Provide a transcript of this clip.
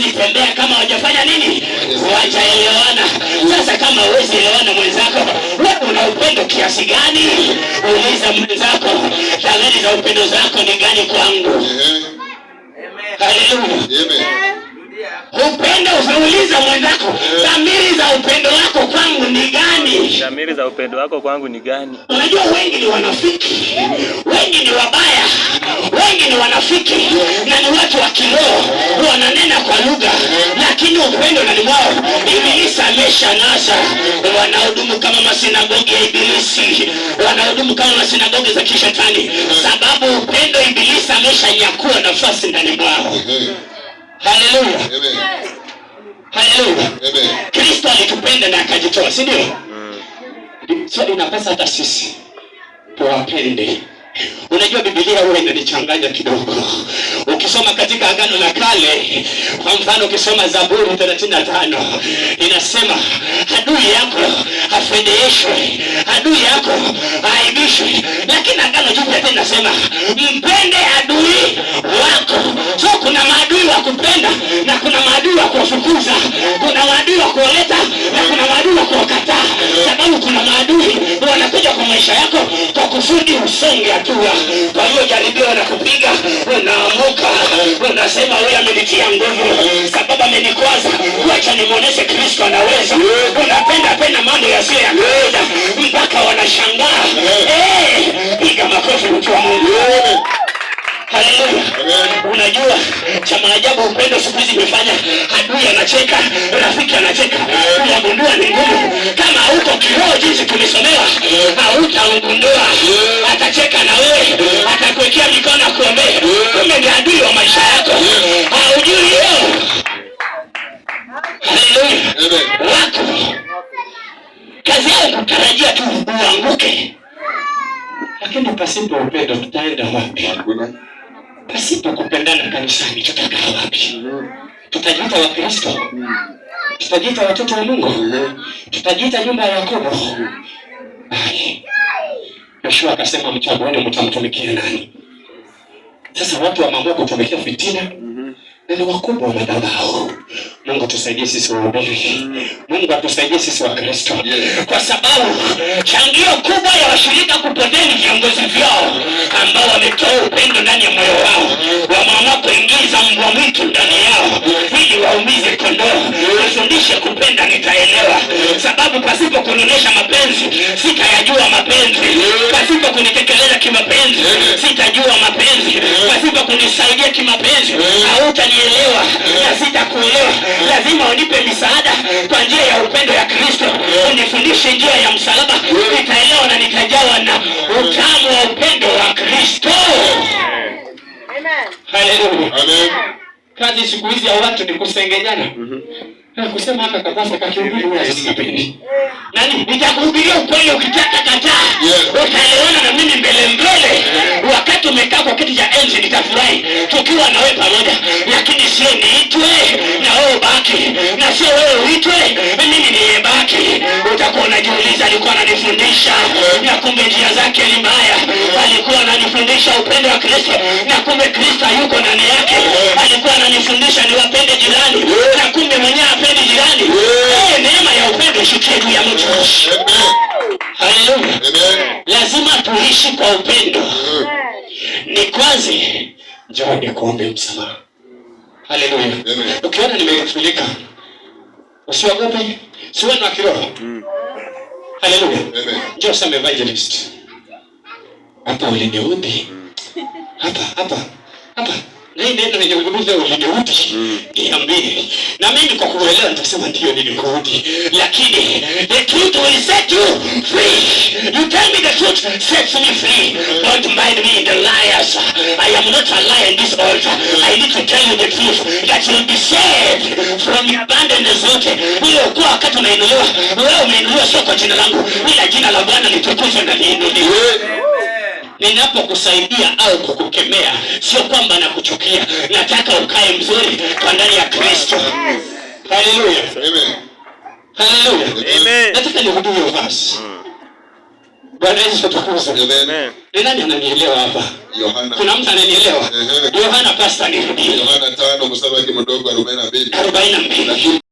wakitembea kama wajafanya nini, wajaelewana. Sasa kama uwezi elewana mwenzako, wewe una upendo kiasi gani? Uliza mwenzako, dalili za upendo zako ni gani kwangu? Haleluya! Upendo, unauliza mwenzako, dhamiri za upendo wako kwangu ni Dhamiri za upendo wako kwangu ni gani? Unajua wengi ni wanafiki, wengi ni wabaya, wengi ni wanafiki na ni watu wa kiroho, wananena kwa lugha, lakini upendo ndani mwao Ibilisi ameshanasa. Wanahudumu kama masinagogi ya Ibilisi, wanahudumu kama masinagogi za kishetani, sababu upendo Ibilisi ameshanyakua nafasi ndani mwao. Haleluya, haleluya! Kristo alitupenda na akajitoa, si ndio? swali inapasa hata sisi tuwapende. Unajua, Biblia huwa inanichanganya kidogo. Ukisoma katika Agano la Kale, kwa mfano, ukisoma Zaburi 35 inasema adui yako afedheheshwe, adui yako aaibishwe. Lakini Agano Jipya tena inasema mpende adui wako So kuna maadui wa kupenda na kuna maadui wa kuwafukuza, kuna maadui wa kuwaleta na kuna maadui wa kuwakataa, sababu kuna maadui wanakuja kwa maisha yako kwa kusudi usonge hatua. Kwa hiyo jaribio wanakupiga, unaamuka, unasema wewe amenitia nguvu, sababu amenikwaza, wacha nimwonyeshe Kristo anaweza. Unapenda Unajua cha maajabu, upendo siku hizi imefanya adui anacheka, rafiki anacheka. Unagundua ni ngumu kama hauko kiroho, jinsi tumesomewa, hautaugundua. Atacheka na wewe, atakuwekea mikono akuombee, kume ni adui wa maisha yako, haujui hiyo. Haleluya! kazi yao kutarajia tu uanguke, lakini pasipo upendo tutaenda wapi? Pasipo kupendana kanisani tutakaa wapi? Tutajiita Wakristo? Tutajiita watoto wa Mungu? Tutajiita nyumba ya Yakobo? Yoshua akasema mchagueni mtamtumikia nani? Sasa watu wameamua kutumikia fitina mhm. na ni wakubwa wa madhabahu. Mungu tusaidie sisi waumini. Mm. Mungu atusaidie sisi wa Kristo, kwa sababu changio kubwa ya washirika kupotea viongozi vyao ambao wametoa upendo ndani ya moyo wao, mm. wameamua kuingiza mbwa mwitu ndani yao mm. ili waumize Nionyeshe kupenda, nitaelewa. Sababu pasipo kunionyesha mapenzi sitayajua mapenzi, pasipo kunitekeleza kimapenzi sitajua mapenzi, pasipo kunisaidia kimapenzi hautanielewa na sitakuelewa. Lazima unipe misaada kwa njia ya upendo ya Kristo, unifundishe njia ya msalaba, nitaelewa na nitajawa na utamu wa upendo wa Kristo. Haleluya! Kazi siku hizi ya watu ni kusengenyana. Mhm. Kusema hapa kabasa kakihubiri huyu asipendi. Na yaani, nitakuhubiria ukweli ukitaka kataa. Utaelewana na mimi mbele mbele. Wakati umekaa kwa kiti cha enzi nitafurahi tukiwa na wewe pamoja. Lakini sio niitwe na wewe ubaki. Na sio wewe uitwe mimi nibaki. Utakuwa unajiuliza alikuwa ananifundisha na kumbe njia zake ni mbaya. Alikuwa ananifundisha upendo wa Kristo na kumbe Kristo yuko ndani yake. Alikuwa ananifundisha niwapende jirani. kazi, njoo nikuombe msamaha. Haleluya! Ukiona nimekufilika, usiogope, siwe na kiroho. Haleluya! Njoo sema evangelist, hapa uliniudhi, hapa hapa hapa hii neno nijazungumza uliniudhi, niambie na mimi kwa kuelewa nitasema ndio nilikuudhi, lakini the truth will set you free. You tell me the truth sets me free, don't mind me in the lie altar. I am not a liar in this altar. I need to tell you the truth that you'll be saved from your abandonness zote. Uliokuwa wakati umeinuliwa, wewe umeinuliwa sio kwa jina langu, ila jina la Bwana litukuzwe na liinuliwe ninapokusaidia au kukukemea, sio kwamba nakuchukia. Nataka ukae mzuri kwa ndani ya Kristo. Haleluya, haleluya, nataka nihudumie uvasi Bwana Yesu tukuze. Amen. Ni nani ananielewa hapa? Yohana. Kuna mtu ananielewa? Yohana, pastor, nirudie. Yohana 5 mstari mdogo 42. 42.